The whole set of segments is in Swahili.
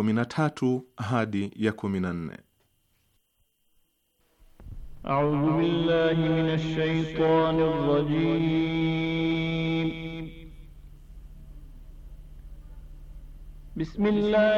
kumi na tatu hadi ya kumi na nne. A'udhu billahi minash shaitani rrajim. Bismillah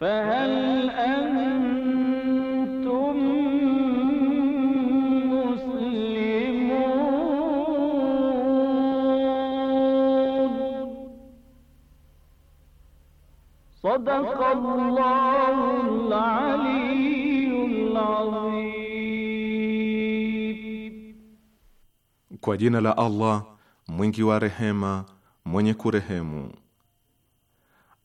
فهل أنتم مسلمون صدق الله العلي العظيم كو جينا لا الله مونكي ورحمة مونيكو رحمه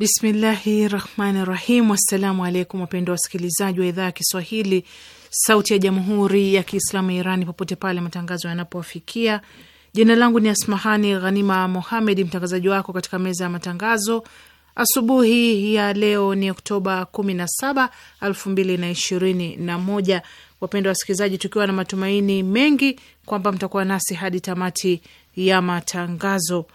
Bismillahi rahmani rahim. Assalamu alaikum wapendwa wasikilizaji wa idhaa ya Kiswahili sauti ya jamhuri ya Kiislamu ya Irani popote pale matangazo yanapowafikia. Jina langu ni Asmahani Ghanima Mohamed, mtangazaji wako katika meza ya matangazo. Asubuhi ya leo ni Oktoba 17, 2021. Wapendwa wasikilizaji, tukiwa na matumaini mengi kwamba mtakuwa nasi hadi tamati ya matangazo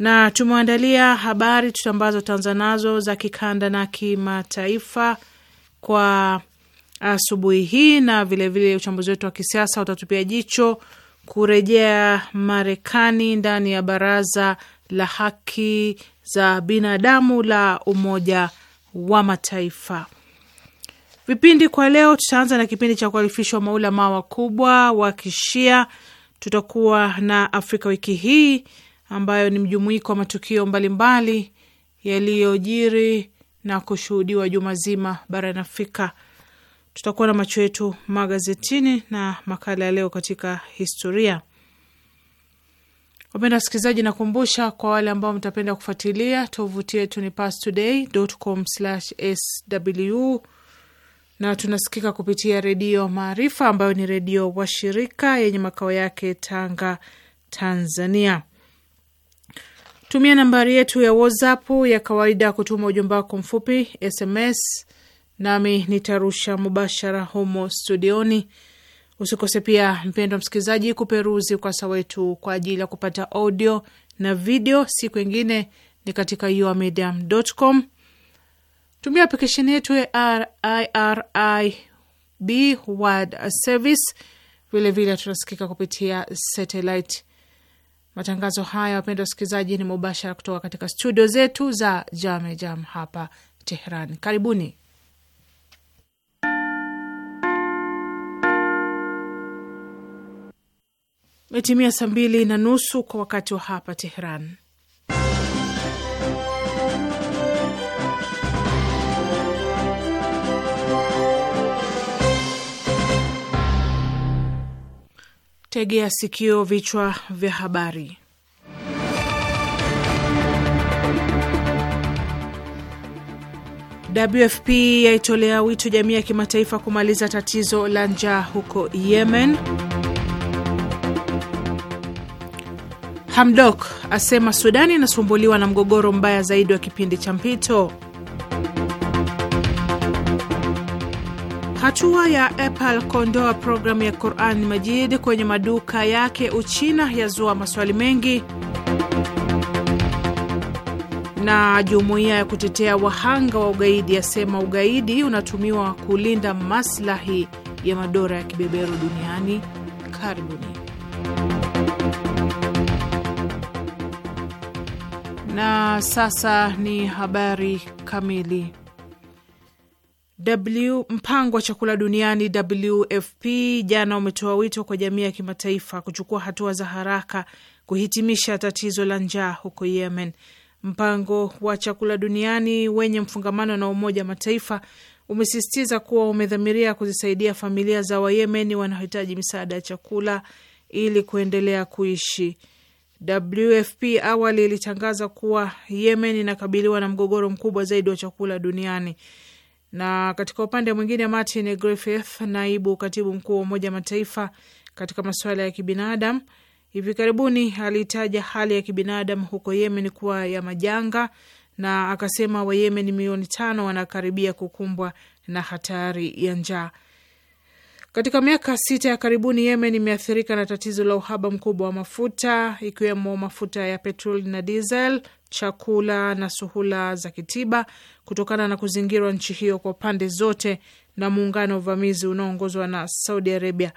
na tumeandalia habari tutambazo tanzanazo za kikanda na kimataifa kwa asubuhi hii, na vilevile uchambuzi wetu wa kisiasa utatupia jicho kurejea Marekani ndani ya Baraza la Haki za Binadamu la Umoja wa Mataifa. Vipindi kwa leo, tutaanza na kipindi cha kualifishwa maulamaa wakubwa wa kishia. Tutakuwa na Afrika wiki hii ambayo ni mjumuiko wa matukio mbalimbali yaliyojiri na kushuhudiwa juma zima barani Afrika. Tutakuwa na macho yetu magazetini na makala ya leo katika historia. Wapenda wasikilizaji, nakumbusha kwa wale ambao mtapenda kufuatilia, tovuti yetu ni pastoday.com/sw na tunasikika kupitia redio Maarifa ambayo ni redio washirika yenye makao yake Tanga, Tanzania. Tumia nambari yetu ya WhatsApp ya kawaida kutuma ujumbe wako mfupi SMS, nami nitarusha mubashara humo studioni. Usikose pia, mpendwa msikilizaji, kuperuzi ukurasa wetu kwa ajili ya kupata audio na video siku ingine ni katika yourmedium.com. Tumia aplikesheni yetu ya IRIB world service. Vilevile tunasikika kupitia satellite Matangazo haya wapendwa wasikilizaji, ni mubashara kutoka katika studio zetu za Jame Jam hapa Tehran. Karibuni. Imetimia saa mbili na nusu kwa wakati wa hapa Tehran. Tegea sikio, vichwa vya habari. WFP yaitolea wito jamii ya kimataifa kumaliza tatizo la njaa huko Yemen. Hamdok asema Sudani inasumbuliwa na mgogoro mbaya zaidi wa kipindi cha mpito. Hatua ya Apple kuondoa programu ya Quran Majid kwenye maduka yake Uchina yazua maswali mengi. Na jumuiya ya kutetea wahanga wa ugaidi yasema ugaidi unatumiwa kulinda maslahi ya madola ya kibeberu duniani. Karibuni. Na sasa ni habari kamili. W mpango wa chakula duniani WFP jana umetoa wito kwa jamii ya kimataifa kuchukua hatua za haraka kuhitimisha tatizo la njaa huko Yemen. Mpango wa chakula duniani wenye mfungamano na Umoja wa Mataifa umesisitiza kuwa umedhamiria kuzisaidia familia za Wayemeni wanaohitaji misaada ya chakula ili kuendelea kuishi. WFP awali ilitangaza kuwa Yemen inakabiliwa na mgogoro mkubwa zaidi wa chakula duniani. Na katika upande mwingine, Martin Griffith, naibu katibu mkuu wa Umoja Mataifa katika masuala ya kibinadamu, hivi karibuni aliitaja hali ya kibinadamu huko Yemen kuwa ya majanga na akasema Wayemen milioni tano wanakaribia kukumbwa na hatari ya njaa. Katika miaka sita ya karibuni Yemen imeathirika na tatizo la uhaba mkubwa wa mafuta ikiwemo mafuta ya petroli na diesel chakula na suhula za kitiba kutokana na kuzingirwa nchi hiyo kwa pande zote na muungano wa uvamizi unaoongozwa na Saudi Arabia.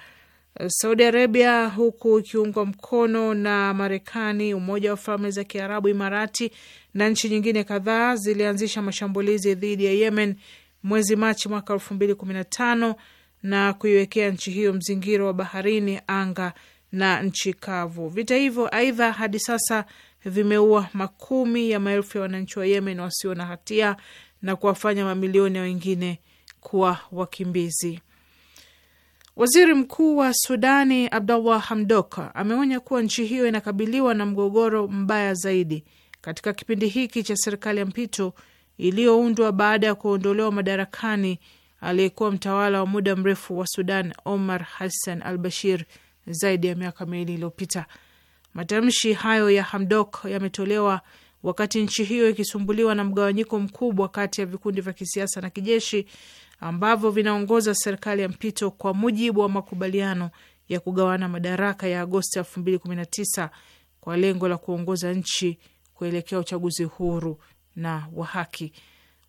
Eh, Saudi Arabia huku ikiungwa mkono na Marekani, Umoja wa Falme za Kiarabu, Imarati na nchi nyingine kadhaa zilianzisha mashambulizi dhidi ya Yemen mwezi Machi mwaka elfu mbili kumi na tano na kuiwekea nchi hiyo mzingiro wa baharini, anga na nchi kavu. Vita hivyo aidha hadi sasa vimeua makumi ya maelfu ya wananchi wa Yemen wasio na hatia na kuwafanya mamilioni wengine kuwa wakimbizi. Waziri mkuu wa Sudani Abdullah hamdok ameonya kuwa nchi hiyo inakabiliwa na mgogoro mbaya zaidi katika kipindi hiki cha serikali ya mpito iliyoundwa baada ya kuondolewa madarakani aliyekuwa mtawala wa muda mrefu wa Sudan Omar Hassan al Bashir zaidi ya miaka miwili iliyopita. Matamshi hayo ya Hamdok yametolewa wakati nchi hiyo ikisumbuliwa na mgawanyiko mkubwa kati ya vikundi vya kisiasa na kijeshi ambavyo vinaongoza serikali ya mpito kwa mujibu wa makubaliano ya kugawana madaraka ya Agosti 2019 kwa lengo la kuongoza nchi kuelekea uchaguzi huru na wa haki.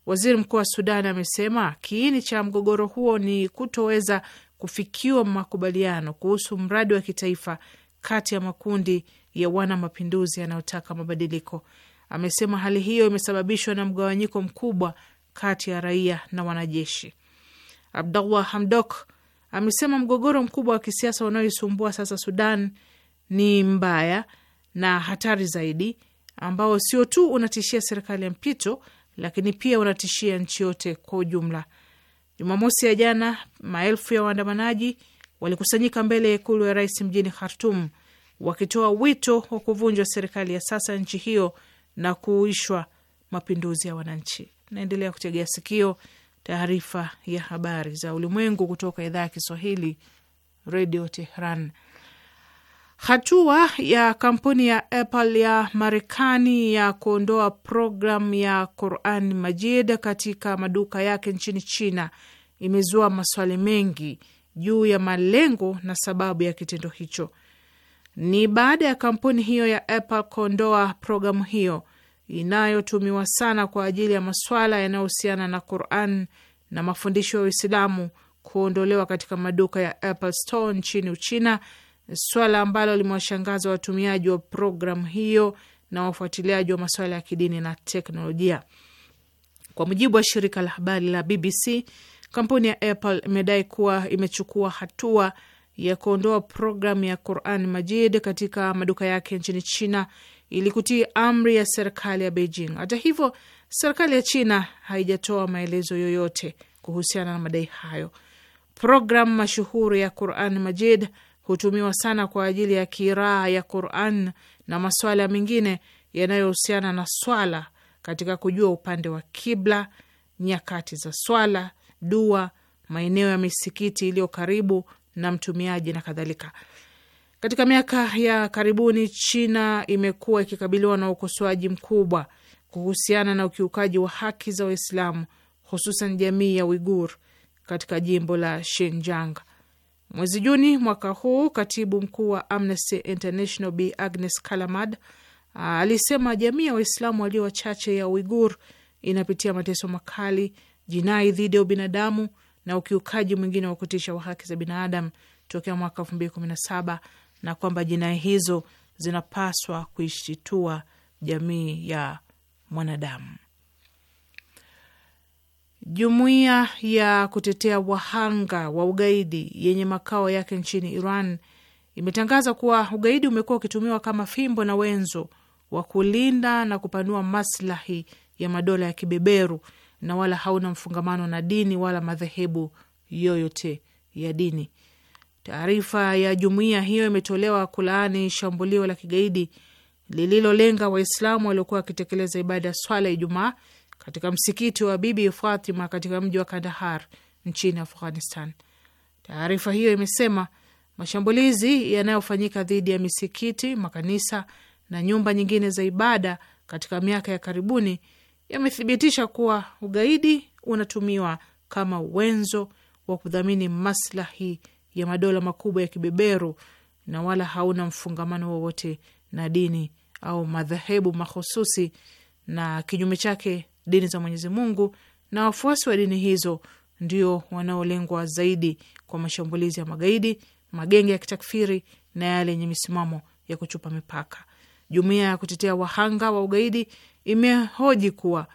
Waziri mkuu wa Sudan amesema kiini cha mgogoro huo ni kutoweza kufikiwa makubaliano kuhusu mradi wa kitaifa kati ya makundi ya wana mapinduzi yanayotaka mabadiliko. Amesema hali hiyo imesababishwa na mgawanyiko mkubwa kati ya raia na wanajeshi. Abdallah Hamdok amesema mgogoro mkubwa wa kisiasa unaoisumbua sasa Sudan ni mbaya na hatari zaidi, ambao sio tu unatishia serikali ya mpito, lakini pia unatishia nchi yote kwa ujumla. Jumamosi ya jana maelfu ya waandamanaji walikusanyika mbele ya ikulu ya rais mjini Khartum wakitoa wito wa kuvunjwa serikali ya sasa nchi hiyo na kuishwa mapinduzi ya wananchi. Naendelea kutegea sikio taarifa ya habari za ulimwengu kutoka idhaa ya Kiswahili, Radio Tehran. Hatua ya kampuni ya Apple ya Marekani ya kuondoa programu ya Quran Majid katika maduka yake nchini China imezua maswali mengi juu ya malengo na sababu ya kitendo hicho. Ni baada ya kampuni hiyo ya Apple kuondoa programu hiyo inayotumiwa sana kwa ajili ya maswala yanayohusiana na Quran na mafundisho ya Uislamu kuondolewa katika maduka ya Apple Store nchini Uchina, swala ambalo limewashangaza watumiaji wa programu hiyo na wafuatiliaji wa maswala ya kidini na teknolojia. Kwa mujibu wa shirika la habari la BBC, Kampuni ya Apple imedai kuwa imechukua hatua ya kuondoa programu ya Quran Majid katika maduka yake nchini China ili kutii amri ya serikali ya Beijing. Hata hivyo, serikali ya China haijatoa maelezo yoyote kuhusiana na madai hayo. Programu mashuhuri ya Quran Majid hutumiwa sana kwa ajili ya kiraa ya Quran na maswala mengine yanayohusiana na swala katika kujua upande wa kibla, nyakati za swala, dua, maeneo ya misikiti iliyo karibu na mtumiaji na kadhalika. Katika miaka ya karibuni, China imekuwa ikikabiliwa na ukosoaji mkubwa kuhusiana na ukiukaji wa haki za Waislamu, hususan jamii ya Uigur katika jimbo la Xinjiang. Mwezi Juni mwaka huu, katibu mkuu wa Amnesty International Bi Agnes Kalamad alisema jamii ya Waislamu walio wachache ya Uigur inapitia mateso makali jinai dhidi ya ubinadamu na ukiukaji mwingine wa kutisha wa haki za binadamu tokea mwaka elfu mbili kumi na saba na kwamba jinai hizo zinapaswa kuishitua jamii ya mwanadamu. Jumuiya ya kutetea wahanga wa ugaidi yenye makao yake nchini Iran imetangaza kuwa ugaidi umekuwa ukitumiwa kama fimbo na wenzo wa kulinda na kupanua maslahi ya madola ya kibeberu na wala hauna mfungamano na dini wala madhehebu yoyote ya dini. Taarifa ya jumuiya hiyo imetolewa kulaani shambulio la kigaidi lililolenga Waislamu waliokuwa wakitekeleza ibada ya swala Ijumaa katika msikiti wa Bibi Fatima katika mji wa Kandahar nchini Afghanistan. Taarifa hiyo imesema mashambulizi yanayofanyika dhidi ya misikiti, makanisa na nyumba nyingine za ibada katika miaka ya karibuni yamethibitisha kuwa ugaidi unatumiwa kama wenzo wa kudhamini maslahi ya madola makubwa ya kibeberu na wala hauna mfungamano wowote na dini au madhehebu mahususi, na kinyume chake dini za Mwenyezi Mungu na wafuasi wa dini hizo ndio wanaolengwa zaidi kwa mashambulizi ya magaidi, magenge ya kitakfiri na yale yenye misimamo ya kuchupa mipaka. Jumuiya ya kutetea wahanga wa ugaidi imehoji kuwa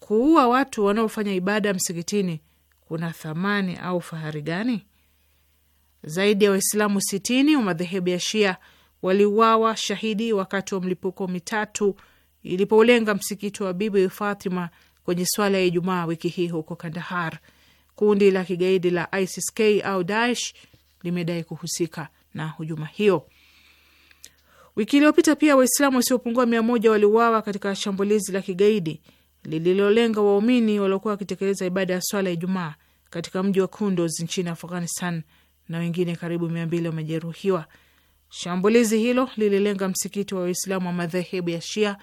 kuua watu wanaofanya ibada msikitini kuna thamani au fahari gani? Zaidi ya Waislamu sitini wa madhehebu ya Shia waliuawa shahidi wakati wa mlipuko mitatu ilipoulenga msikiti wa Bibi Fatima kwenye swala ya Ijumaa wiki hii huko Kandahar. Kundi la kigaidi la ISIS K au Daesh limedai kuhusika na hujuma hiyo. Wiki iliyopita pia Waislamu wasiopungua mia moja waliuawa katika shambulizi la kigaidi lililolenga waumini waliokuwa wakitekeleza ibada ya swala ya Ijumaa katika mji wa Kunduz nchini Afghanistan na wengine karibu mia mbili wamejeruhiwa. Shambulizi hilo lililenga msikiti wa Waislamu wa madhehebu ya Shia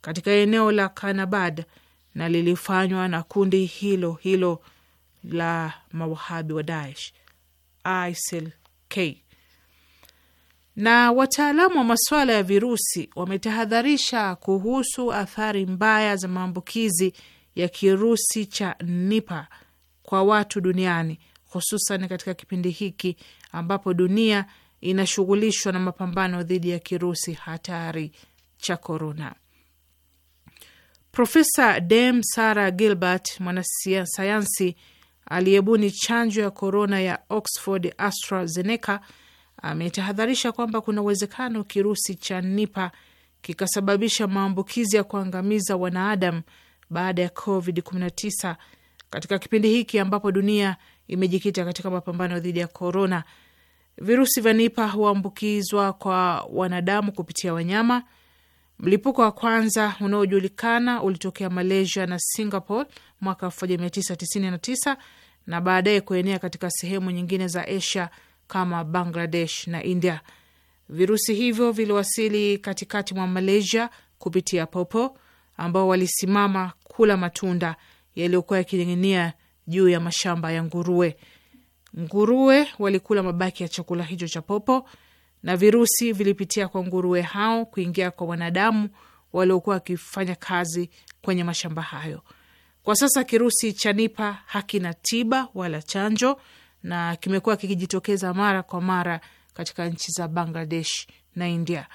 katika eneo la Kanabad na lilifanywa na kundi hilo hilo la mawahabi wa Daesh ISIL K na wataalamu wa masuala ya virusi wametahadharisha kuhusu athari mbaya za maambukizi ya kirusi cha nipa kwa watu duniani, hususan katika kipindi hiki ambapo dunia inashughulishwa na mapambano dhidi ya kirusi hatari cha korona. Profesa Dame Sarah Gilbert, mwanasayansi aliyebuni chanjo ya korona ya Oxford AstraZeneca ametahadharisha kwamba kuna uwezekano kirusi cha Nipa kikasababisha maambukizi ya kuangamiza wanaadamu baada ya COVID-19 katika kipindi hiki ambapo dunia imejikita katika mapambano dhidi ya korona. Virusi vya Nipa huambukizwa kwa wanadamu kupitia wanyama. Mlipuko wa kwanza unaojulikana ulitokea Malaysia na Singapore mwaka 1999 na baadaye kuenea katika sehemu nyingine za Asia kama Bangladesh na India. Virusi hivyo viliwasili katikati mwa Malaysia kupitia popo ambao walisimama kula matunda yaliyokuwa yakining'inia juu ya mashamba ya nguruwe. Nguruwe walikula mabaki ya chakula hicho cha popo, na virusi vilipitia kwa nguruwe hao kuingia kwa wanadamu waliokuwa wakifanya kazi kwenye mashamba hayo. Kwa sasa kirusi cha Nipa hakina tiba wala chanjo, na kimekuwa kikijitokeza mara kwa mara katika nchi za Bangladesh na India.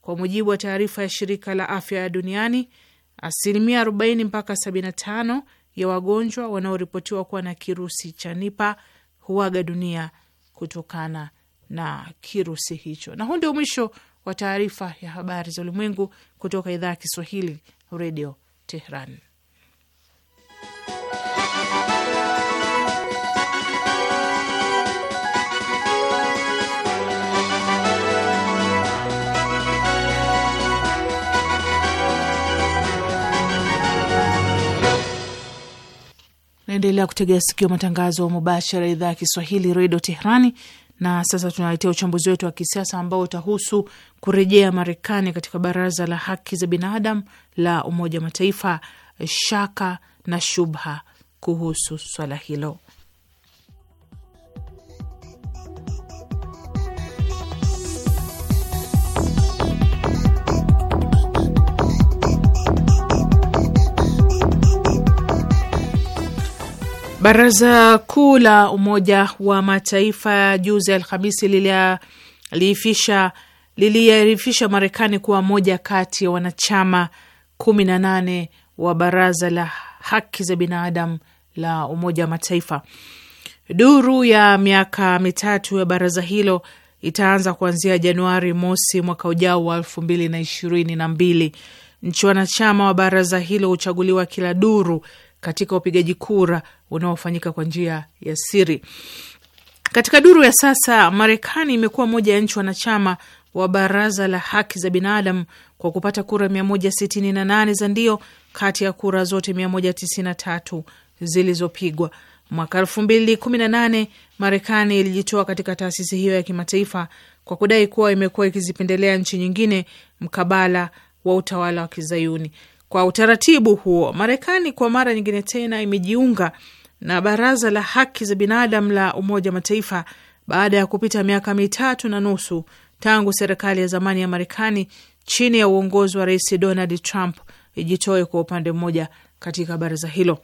Kwa mujibu wa taarifa ya shirika la afya ya duniani, asilimia 40 mpaka 75 ya wagonjwa wanaoripotiwa kuwa na kirusi cha Nipa huaga dunia kutokana na kirusi hicho. Na huu ndio mwisho wa taarifa ya habari za ulimwengu kutoka idhaa ya Kiswahili, Redio Tehran. Naendelea kutegea sikio matangazo mubashara ya idhaa ya Kiswahili redio Tehrani. Na sasa tunaletea uchambuzi wetu wa kisiasa ambao utahusu kurejea Marekani katika Baraza la Haki za Binadamu la Umoja wa Mataifa, shaka na shubha kuhusu swala hilo. Baraza Kuu la Umoja wa Mataifa juzi Alhamisi liliarifisha liliarifisha Marekani kuwa moja kati ya wanachama kumi na nane wa Baraza la Haki za Binadamu la Umoja wa Mataifa. Duru ya miaka mitatu ya baraza hilo itaanza kuanzia Januari mosi mwaka ujao wa elfu mbili na ishirini na mbili. Nchi wanachama wa baraza hilo huchaguliwa kila duru katika upigaji kura unaofanyika kwa njia ya siri. Katika duru ya sasa, Marekani imekuwa moja ya nchi wanachama wa Baraza la Haki za Binadamu kwa kupata kura 168 za ndio kati ya kura zote 193 zilizopigwa. Mwaka 2018 Marekani ilijitoa katika taasisi hiyo ya kimataifa kwa kudai kuwa imekuwa ikizipendelea nchi nyingine mkabala wa utawala wa Kizayuni. Kwa utaratibu huo, Marekani kwa mara nyingine tena imejiunga na Baraza la Haki za Binadamu la Umoja Mataifa baada ya kupita miaka mitatu na nusu tangu serikali ya zamani ya Marekani chini ya uongozi wa Rais Donald Trump ijitoe kwa upande mmoja katika baraza hilo.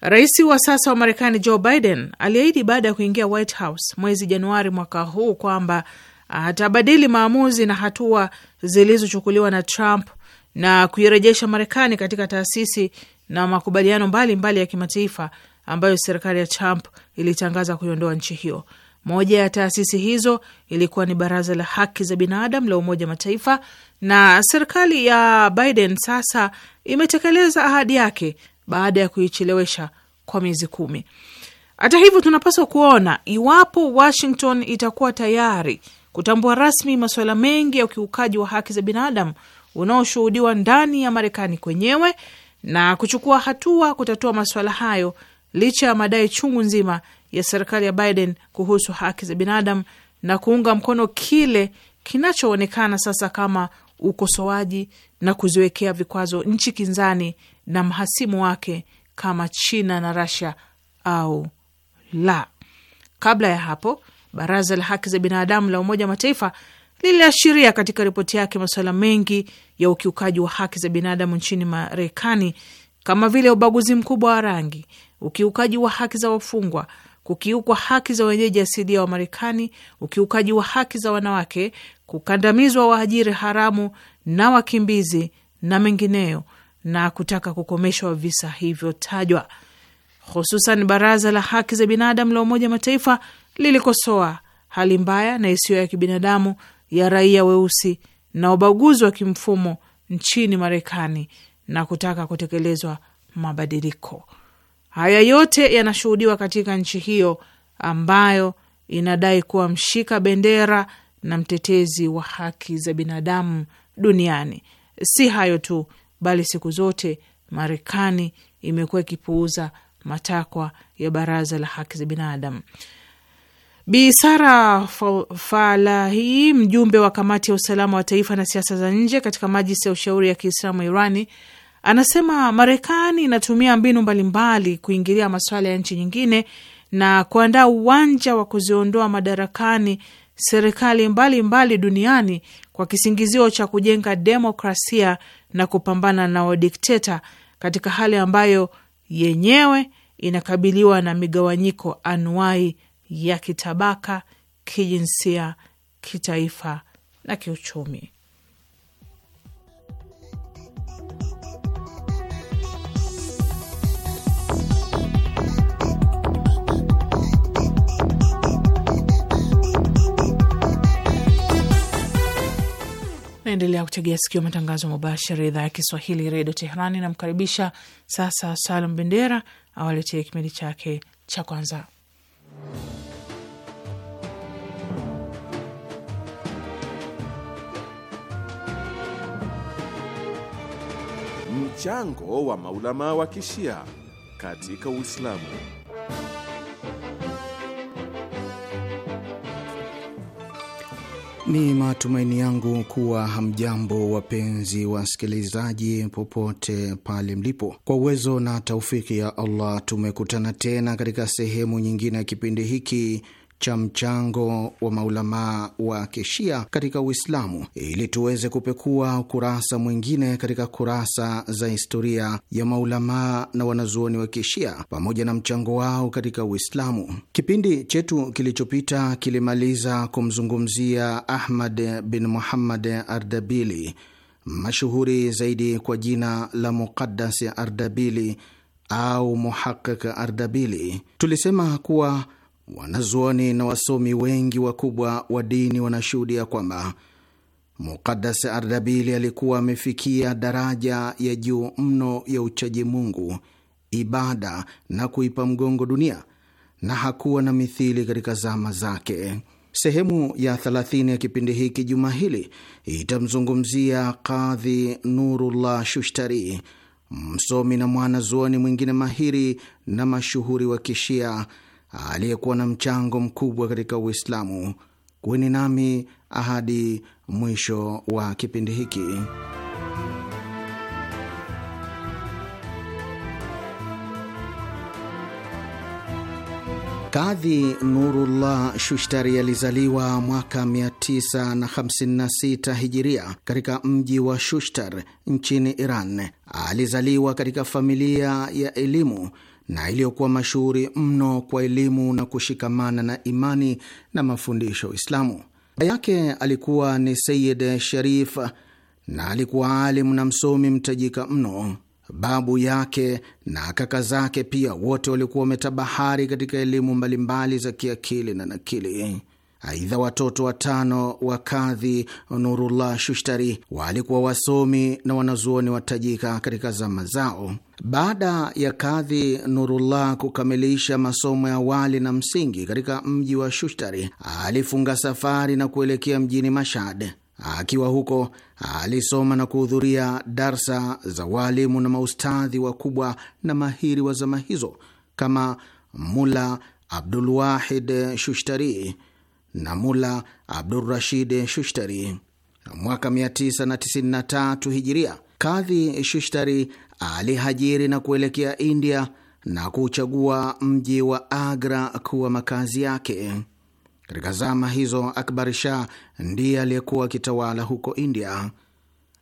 Rais wa sasa wa Marekani Joe Biden aliahidi baada ya kuingia White House mwezi Januari mwaka huu kwamba atabadili maamuzi na hatua zilizochukuliwa na Trump na kuirejesha Marekani katika taasisi na makubaliano mbalimbali mbali ya kimataifa ambayo serikali ya Trump ilitangaza kuiondoa nchi hiyo. Moja ya taasisi hizo ilikuwa ni Baraza la Haki za Binadamu la Umoja wa Mataifa, na serikali ya Biden sasa imetekeleza ahadi yake baada ya kuichelewesha kwa miezi kumi. Hata hivyo, tunapaswa kuona iwapo Washington itakuwa tayari kutambua rasmi masuala mengi ya ukiukaji wa haki za binadamu unaoshuhudiwa ndani ya Marekani kwenyewe na kuchukua hatua kutatua masuala hayo licha ya madai chungu nzima ya serikali ya Biden kuhusu haki za binadamu na kuunga mkono kile kinachoonekana sasa kama ukosoaji na kuziwekea vikwazo nchi kinzani na mhasimu wake kama China na Russia au la. Kabla ya hapo, baraza la haki za binadamu la Umoja wa Mataifa liliashiria katika ripoti yake masuala mengi ya ukiukaji wa haki za binadamu nchini Marekani kama vile ubaguzi mkubwa wa rangi, ukiukaji wa haki za wafungwa, kukiukwa haki za wenyeji asilia wa Marekani, ukiukaji wa haki za wanawake, kukandamizwa waajiri haramu na wakimbizi na mengineyo, na kutaka kukomeshwa visa hivyo tajwa. Hususan, baraza la haki za binadamu la Umoja Mataifa lilikosoa hali mbaya na isiyo ya kibinadamu ya raia weusi na ubaguzi wa kimfumo nchini Marekani na kutaka kutekelezwa mabadiliko. Haya yote yanashuhudiwa katika nchi hiyo ambayo inadai kuwa mshika bendera na mtetezi wa haki za binadamu duniani. Si hayo tu, bali siku zote Marekani imekuwa ikipuuza matakwa ya Baraza la Haki za Binadamu. Bi Sara Falahi, mjumbe wa kamati ya usalama wa taifa na siasa za nje katika majlisi ya ushauri ya Kiislamu Irani, anasema Marekani inatumia mbinu mbalimbali kuingilia masuala ya nchi nyingine na kuandaa uwanja wa kuziondoa madarakani serikali mbalimbali mbali duniani kwa kisingizio cha kujenga demokrasia na kupambana na wadikteta katika hali ambayo yenyewe inakabiliwa na migawanyiko anuai ya kitabaka, kijinsia, kitaifa na kiuchumi. Naendelea kutegea sikio matangazo mubashara idhaa ya Kiswahili redio Teherani. Namkaribisha sasa Salum Bendera awaletee kipindi chake cha kwanza. Mchango wa maulama wa kishia katika Uislamu. Ni matumaini yangu kuwa hamjambo wapenzi wasikilizaji, popote pale mlipo. Kwa uwezo na taufiki ya Allah, tumekutana tena katika sehemu nyingine ya kipindi hiki cha mchango wa maulamaa wa kishia katika Uislamu ili tuweze kupekua ukurasa mwingine katika kurasa za historia ya maulamaa na wanazuoni wa kishia pamoja na mchango wao katika Uislamu. Kipindi chetu kilichopita kilimaliza kumzungumzia Ahmad bin Muhammad Ardabili, mashuhuri zaidi kwa jina la Muqaddas Ardabili au Muhaqiq Ardabili. Tulisema kuwa Wanazuoni na wasomi wengi wakubwa wa dini wanashuhudia kwamba Muqadas Ardabili alikuwa amefikia daraja ya juu mno ya uchaji Mungu, ibada na kuipa mgongo dunia, na hakuwa na mithili katika zama zake. Sehemu ya 30 ya kipindi hiki juma hili itamzungumzia kadhi Nurullah Shushtari, msomi na mwanazuoni mwingine mahiri na mashuhuri wa Kishia aliyekuwa na mchango mkubwa katika Uislamu. Kuweni nami ahadi mwisho wa kipindi hiki. Kadhi Nurullah Shushtari alizaliwa mwaka 956 hijiria katika mji wa Shushtar nchini Iran. Alizaliwa katika familia ya elimu na iliyokuwa mashuhuri mno kwa elimu na kushikamana na imani na mafundisho ya Uislamu. Baba yake alikuwa ni Sayid Sharif na alikuwa alimu na msomi mtajika mno. Babu yake na kaka zake pia wote walikuwa wametabahari katika elimu mbalimbali za kiakili na nakili. Aidha, watoto watano wa kadhi Nurullah Shushtari walikuwa wasomi na wanazuoni watajika katika zama zao. Baada ya kadhi Nurullah kukamilisha masomo ya awali na msingi katika mji wa Shushtari, alifunga safari na kuelekea mjini Mashhad. Akiwa huko alisoma na kuhudhuria darsa za waalimu na maustadhi wakubwa na mahiri wa zama hizo kama Mula Abdulwahid Shushtari na Mula Abdurrashid Shushtari. Mwaka 993 hijiria, kadhi Shushtari alihajiri na kuelekea India na kuchagua mji wa Agra kuwa makazi yake. Katika zama hizo, Akbar Shah ndiye aliyekuwa akitawala huko India.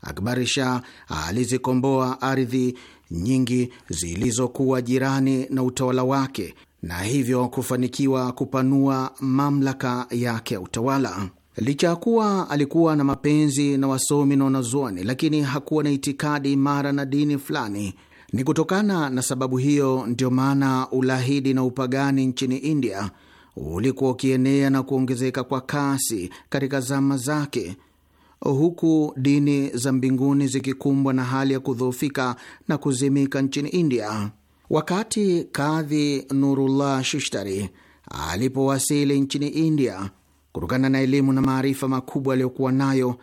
Akbar Shah alizikomboa ardhi nyingi zilizokuwa jirani na utawala wake na hivyo kufanikiwa kupanua mamlaka yake ya utawala. Licha ya kuwa alikuwa na mapenzi na wasomi na wanazuoni, lakini hakuwa na itikadi imara na dini fulani. Ni kutokana na sababu hiyo ndio maana ulahidi na upagani nchini India ulikuwa ukienea na kuongezeka kwa kasi katika zama zake, huku dini za mbinguni zikikumbwa na hali ya kudhoofika na kuzimika nchini India. Wakati kadhi Nurullah Shushtari alipowasili nchini India, kutokana na elimu na maarifa makubwa aliyokuwa nayo,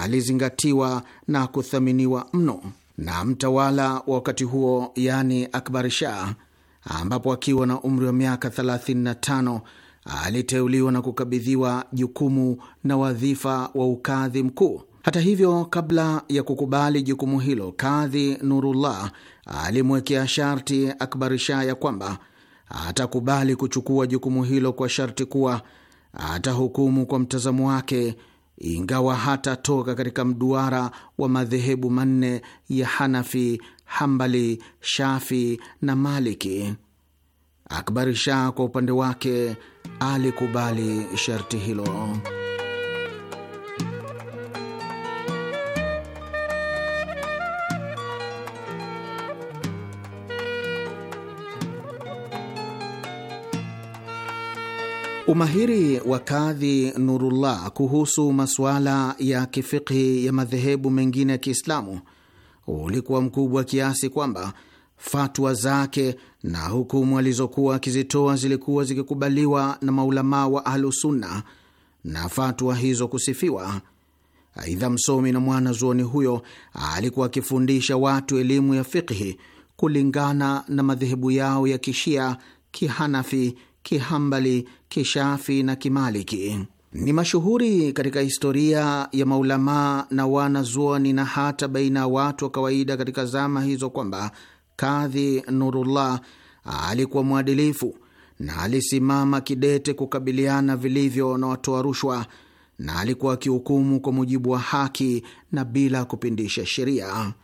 alizingatiwa na kuthaminiwa mno na mtawala wa wakati huo, yani Akbar Shah, ambapo akiwa na umri wa miaka 35 aliteuliwa na kukabidhiwa jukumu na wadhifa wa ukadhi mkuu hata hivyo, kabla ya kukubali jukumu hilo, Kadhi Nurullah alimwekea sharti Akbar Shah ya kwamba atakubali kuchukua jukumu hilo kwa sharti kuwa atahukumu kwa mtazamo wake, ingawa hatatoka katika mduara wa madhehebu manne ya Hanafi, Hambali, Shafi na Maliki. Akbar Shah kwa upande wake alikubali sharti hilo. Umahiri wa Kadhi Nurullah kuhusu masuala ya kifikhi ya madhehebu mengine ya Kiislamu ulikuwa mkubwa kiasi kwamba fatwa zake na hukumu alizokuwa akizitoa zilikuwa zikikubaliwa na maulamaa wa Ahlusunna na fatwa hizo kusifiwa. Aidha, msomi na mwana zuoni huyo alikuwa akifundisha watu elimu ya fikhi kulingana na madhehebu yao ya Kishia, Kihanafi Kihambali, Kishafi na Kimaliki. Ni mashuhuri katika historia ya maulamaa na wanazuoni na hata baina ya watu wa kawaida katika zama hizo kwamba Kadhi Nurullah alikuwa mwadilifu na alisimama kidete kukabiliana vilivyo na watoa rushwa na alikuwa akihukumu kwa mujibu wa haki na bila kupindisha sheria.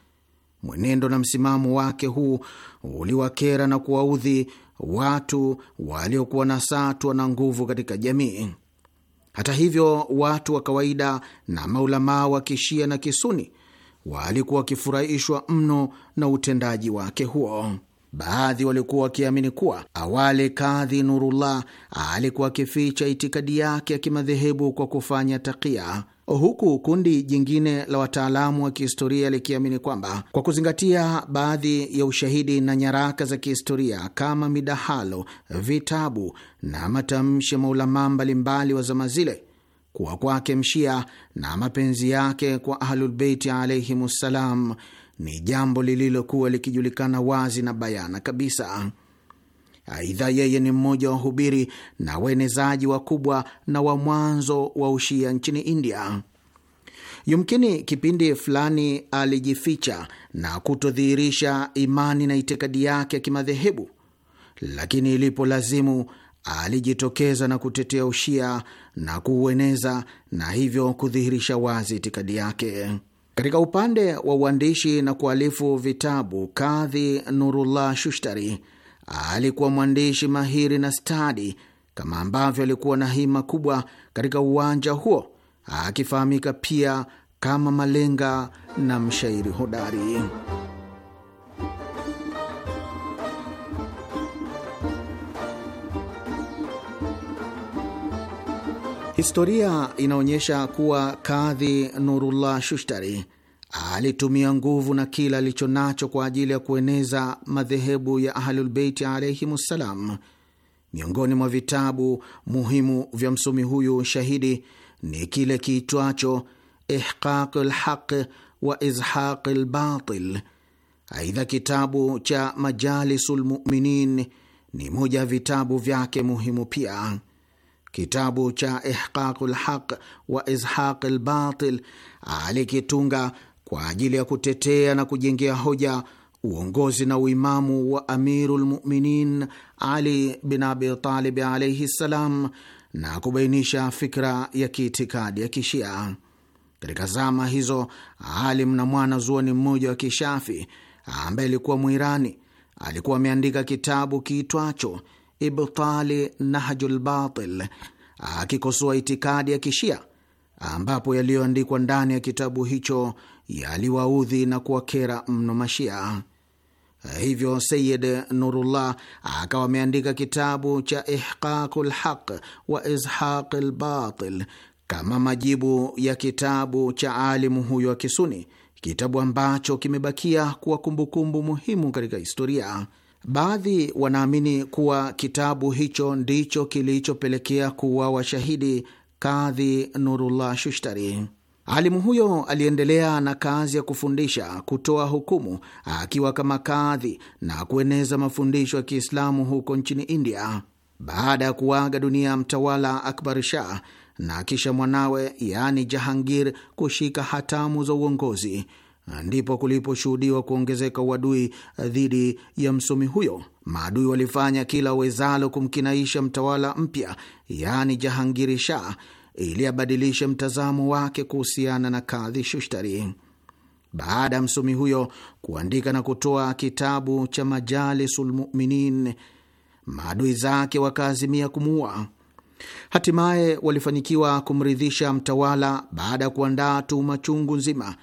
Mwenendo na msimamo wake huu uliwakera na kuwaudhi watu waliokuwa na satwa na nguvu katika jamii. Hata hivyo, watu wa kawaida na maulamaa wa kishia na kisuni walikuwa wakifurahishwa mno na utendaji wake huo. Baadhi walikuwa wakiamini kuwa awali Kadhi Nurullah alikuwa akificha itikadi yake ya kimadhehebu kwa kufanya takia huku kundi jingine la wataalamu wa kihistoria likiamini kwamba kwa kuzingatia baadhi ya ushahidi na nyaraka za kihistoria kama midahalo, vitabu na matamshi ya maulamaa mbalimbali wa zama zile, kuwa kwake mshia na mapenzi yake kwa Ahlulbeiti alaihimussalam ni jambo lililokuwa likijulikana wazi na bayana kabisa. Aidha, yeye ni mmoja wa wahubiri na wenezaji wakubwa na wa mwanzo wa ushia nchini India. Yumkini kipindi fulani alijificha na kutodhihirisha imani na itikadi yake ya kimadhehebu, lakini ilipo lazimu alijitokeza na kutetea ushia na kuueneza na hivyo kudhihirisha wazi itikadi yake. Katika upande wa uandishi na kualifu vitabu, Kadhi Nurullah Shushtari alikuwa mwandishi mahiri na stadi, kama ambavyo alikuwa na hima kubwa katika uwanja huo, akifahamika pia kama malenga na mshairi hodari. Historia inaonyesha kuwa Kadhi Nurullah Shushtari alitumia nguvu na kila alicho nacho kwa ajili ya kueneza madhehebu ya Ahlulbeiti alaihimussalam. Miongoni mwa vitabu muhimu vya msomi huyu shahidi ni kile kiitwacho Ihqaq lhaq wa Izhaq lbatil. Aidha, kitabu cha Majalisu lmuminin ni moja ya vitabu vyake muhimu pia. Kitabu cha Ihqaq lhaq wa Izhaq lbatil alikitunga kwa ajili ya kutetea na kujengea hoja uongozi na uimamu wa Amirul Muminin Ali bin Abi Talib alaihi ssalam na kubainisha fikra ya kiitikadi ya Kishia. Katika zama hizo, alim na mwana zuoni mmoja wa Kishafi ambaye alikuwa Mwirani alikuwa ameandika kitabu kiitwacho Ibtali Nahjul Batil akikosoa itikadi ya Kishia, ambapo yaliyoandikwa ndani ya kitabu hicho yaliwaudhi na kuwakera mno Mashia. Hivyo Sayid Nurullah akawa ameandika kitabu cha ihqaq lhaq wa Izhaq Lbatil kama majibu ya kitabu cha alimu huyo wa Kisuni, kitabu ambacho kimebakia kuwa kumbukumbu muhimu katika historia. Baadhi wanaamini kuwa kitabu hicho ndicho kilichopelekea kuwa washahidi Kadhi Nurullah Shushtari. Alimu huyo aliendelea na kazi ya kufundisha, kutoa hukumu akiwa kama kadhi na kueneza mafundisho ya Kiislamu huko nchini India. Baada ya kuaga dunia mtawala Akbar Shah na kisha mwanawe yaani Jahangir kushika hatamu za uongozi, ndipo kuliposhuhudiwa kuongezeka uadui dhidi ya msomi huyo. Maadui walifanya kila wezalo kumkinaisha mtawala mpya, yaani Jahangiri Shah ili abadilishe mtazamo wake kuhusiana na kadhi Shushtari. Baada ya msomi huyo kuandika na kutoa kitabu cha Majalisul Muminin, maadui zake wakaazimia kumuua. Hatimaye walifanikiwa kumridhisha mtawala baada ya kuandaa tuma chungu nzima.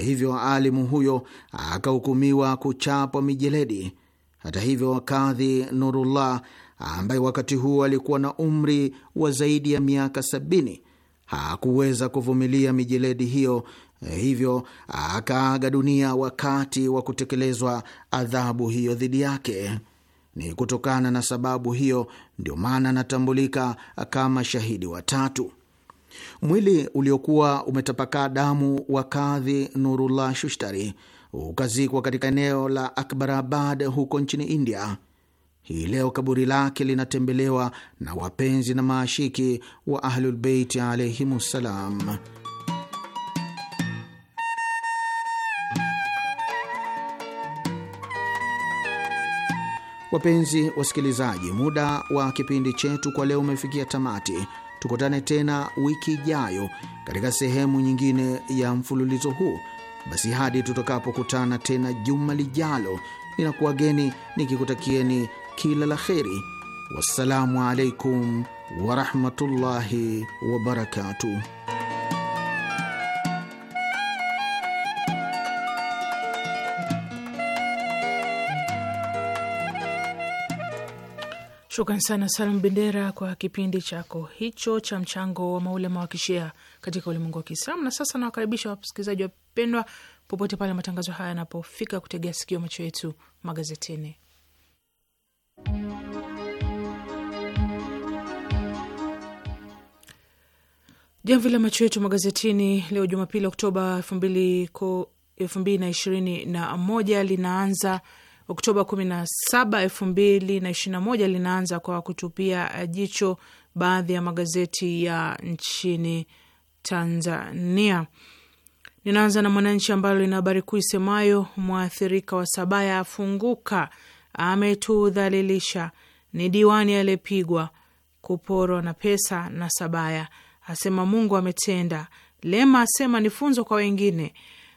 Hivyo alimu huyo akahukumiwa kuchapwa mijeledi. Hata hivyo, kadhi Nurullah ambaye wakati huo alikuwa na umri wa zaidi ya miaka sabini hakuweza kuvumilia mijeledi hiyo, eh, hivyo akaaga dunia wakati wa kutekelezwa adhabu hiyo dhidi yake. Ni kutokana na sababu hiyo ndio maana anatambulika kama shahidi watatu Mwili uliokuwa umetapakaa damu wa Kadhi Nurullah Shushtari ukazikwa katika eneo la Akbarabad huko nchini India. Hii leo kaburi lake linatembelewa na wapenzi na maashiki wa Ahlulbeiti alaihimussalam. Wapenzi wasikilizaji, muda wa kipindi chetu kwa leo umefikia tamati. Tukutane tena wiki ijayo katika sehemu nyingine ya mfululizo huu. Basi hadi tutakapokutana tena juma lijalo, ninakuwageni nikikutakieni kila la kheri. Wassalamu alaikum warahmatullahi wabarakatuh. Shukran sana Salum Bendera kwa kipindi chako hicho cha mchango wa maulama wa kishia katika ulimwengu wa Kiislamu. Na sasa nawakaribisha wasikilizaji wapendwa, popote pale matangazo haya yanapofika, kutegea sikio macho yetu magazetini. Jamvi la macho yetu magazetini leo Jumapili Oktoba elfu mbili na ishirini na moja linaanza Oktoba kumi na saba elfu mbili na ishirini na moja linaanza kwa kutupia jicho baadhi ya magazeti ya nchini Tanzania. Ninaanza na Mwananchi ambalo lina habari kuu isemayo mwathirika wa Sabaya afunguka ametudhalilisha, ni diwani aliyepigwa, kuporwa na pesa na Sabaya asema Mungu ametenda. Lema asema ni funzo kwa wengine.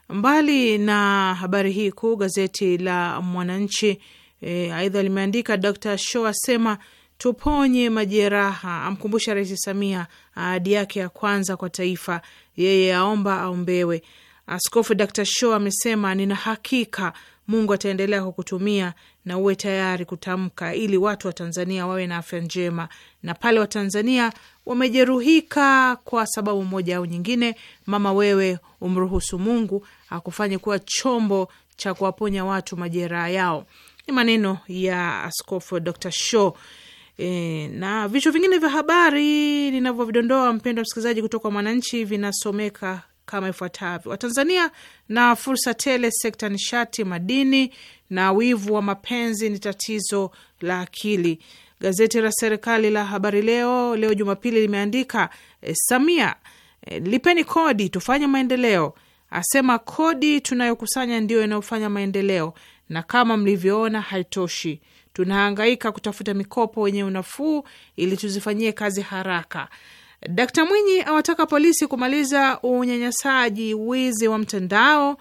Mbali na habari hii kuu, gazeti la Mwananchi e, aidha limeandika Dr Shaw asema tuponye majeraha, amkumbusha Rais Samia ahadi yake ya kwanza kwa taifa, yeye aomba aombewe. Askofu Dr Shaw amesema nina hakika Mungu ataendelea kukutumia na uwe tayari kutamka ili watu wa Tanzania wawe na afya njema, na pale Watanzania wamejeruhika kwa sababu moja au nyingine, mama, wewe umruhusu Mungu akufanye kuwa chombo cha kuwaponya watu majeraha yao. Ni maneno ya Askofu Dr Shaw. E, na vichwa vingine vya habari ninavyovidondoa mpendo msikilizaji, kutoka Mwananchi vinasomeka kama ifuatavyo: Watanzania na fursa tele sekta nishati, madini na wivu wa mapenzi ni tatizo la akili. Gazeti la serikali la Habari Leo leo Jumapili limeandika e, Samia e, lipeni kodi tufanye maendeleo, asema kodi tunayokusanya ndiyo inayofanya maendeleo, na kama mlivyoona haitoshi tunahangaika kutafuta mikopo wenye unafuu ili tuzifanyie kazi haraka. Dkt Mwinyi awataka polisi kumaliza unyanyasaji, wizi wa mtandao.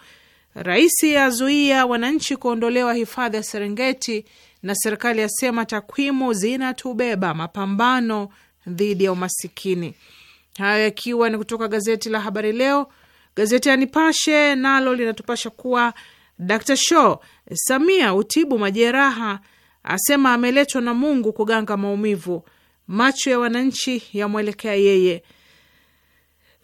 Rais azuia wananchi kuondolewa hifadhi ya Serengeti, na serikali yasema takwimu zinatubeba mapambano dhidi ya umasikini. Hayo yakiwa ni kutoka gazeti la Habari Leo. Gazeti ya Nipashe nalo linatupasha kuwa d Shaw, Samia utibu majeraha, asema ameletwa na Mungu kuganga maumivu macho ya wananchi yamwelekea yeye.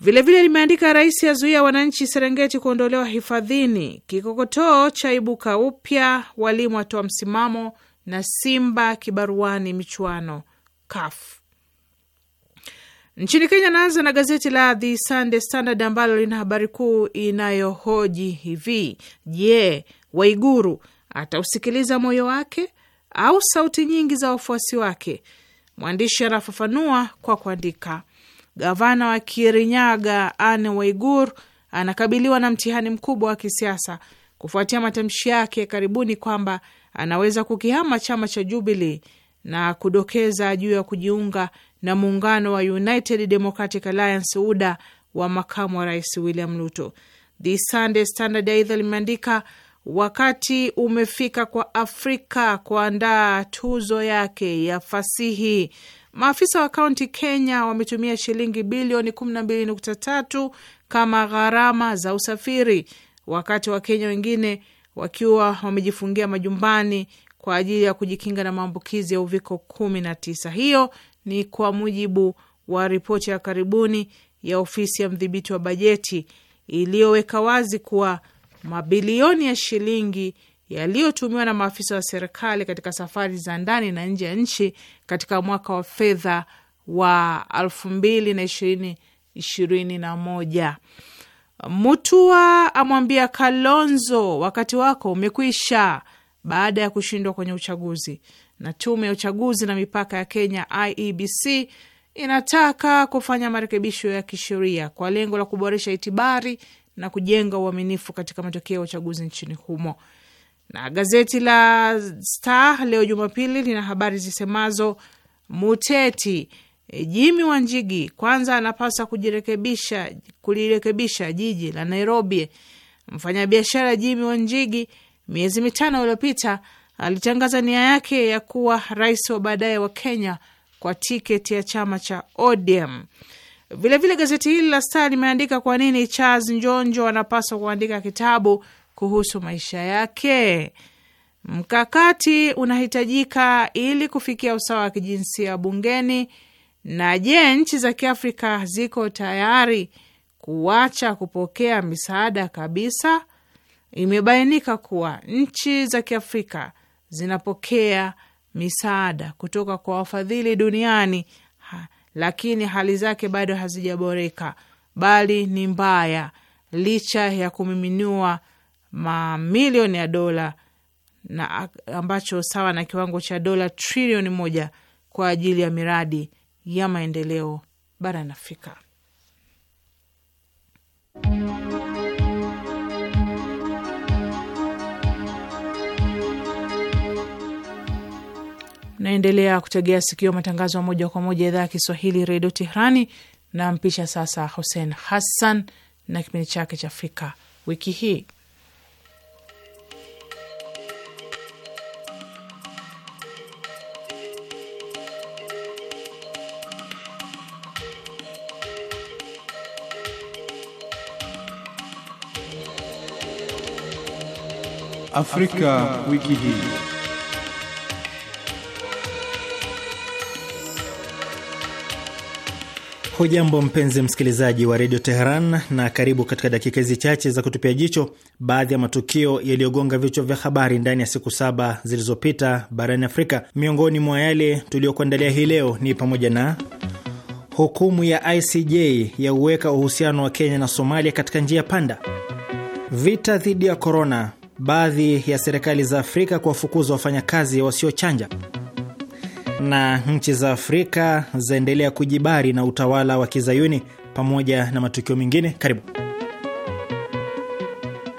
Vilevile limeandika rais azuia wananchi Serengeti kuondolewa hifadhini, kikokotoo cha ibuka upya, walimu watoa msimamo, na Simba kibaruani michuano kaf Nchini Kenya, naanza na gazeti la The Sunday Standard ambalo lina habari kuu inayohoji hivi: Je, Waiguru atausikiliza moyo wake au sauti nyingi za wafuasi wake? Mwandishi anafafanua kwa kuandika, gavana wa Kirinyaga Anne waigur anakabiliwa na mtihani mkubwa wa kisiasa kufuatia matamshi yake ya karibuni kwamba anaweza kukihama chama cha Jubilee na kudokeza juu ya kujiunga na muungano wa United Democratic Alliance UDA wa makamu wa rais William Ruto. The Sunday Standard aidha limeandika wakati umefika kwa Afrika kuandaa tuzo yake ya fasihi. Maafisa wa kaunti Kenya wametumia shilingi bilioni 12.3 kama gharama za usafiri, wakati wa kenya wengine wakiwa wamejifungia majumbani kwa ajili ya kujikinga na maambukizi ya uviko 19. Hiyo ni kwa mujibu wa ripoti ya karibuni ya ofisi ya mdhibiti wa bajeti iliyoweka wazi kuwa mabilioni ya shilingi yaliyotumiwa na maafisa wa serikali katika safari za ndani na nje ya nchi katika mwaka wa fedha wa elfu mbili na ishirini ishirini na moja. Mutua amwambia Kalonzo, wakati wako umekwisha, baada ya kushindwa kwenye uchaguzi. Na tume ya uchaguzi na mipaka ya Kenya IEBC inataka kufanya marekebisho ya kisheria kwa lengo la kuboresha itibari na kujenga uaminifu katika matokeo ya uchaguzi nchini humo. Na gazeti la Star leo Jumapili lina habari zisemazo Muteti e, Jimi Wanjigi kwanza anapaswa kujirekebisha kulirekebisha jiji la Nairobi. Mfanyabiashara Jimi Wanjigi miezi mitano iliyopita alitangaza nia yake ya kuwa rais wa baadaye wa Kenya kwa tiketi ya chama cha ODM. Vilevile gazeti hili la Star limeandika kwa nini Charles Njonjo anapaswa kuandika kitabu kuhusu maisha yake. Mkakati unahitajika ili kufikia usawa wa kijinsia bungeni. Na je, nchi za Kiafrika ziko tayari kuacha kupokea misaada kabisa? Imebainika kuwa nchi za Kiafrika zinapokea misaada kutoka kwa wafadhili duniani lakini hali zake bado hazijaboreka, bali ni mbaya, licha ya kumiminua mamilioni ya dola na ambacho sawa na kiwango cha dola trilioni moja kwa ajili ya miradi ya maendeleo barani Afrika. naendelea kutegea sikio matangazo ya moja kwa moja idhaa ya Kiswahili redio Tehrani. Nampisha sasa Hussein Hassan na kipindi chake cha Afrika wiki hii. Afrika, Afrika wiki hii. Hujambo mpenzi msikilizaji wa redio Teheran na karibu katika dakika hizi chache za kutupia jicho baadhi ya matukio yaliyogonga vichwa vya habari ndani ya siku saba zilizopita barani Afrika. Miongoni mwa yale tuliyokuandalia hii leo ni pamoja na hukumu ya ICJ ya uweka uhusiano wa Kenya na Somalia katika njia panda, vita dhidi ya korona, baadhi ya serikali za Afrika kuwafukuza wafanyakazi wasiochanja na nchi za Afrika zaendelea kujibari na utawala wa Kizayuni pamoja na matukio mengine. Karibu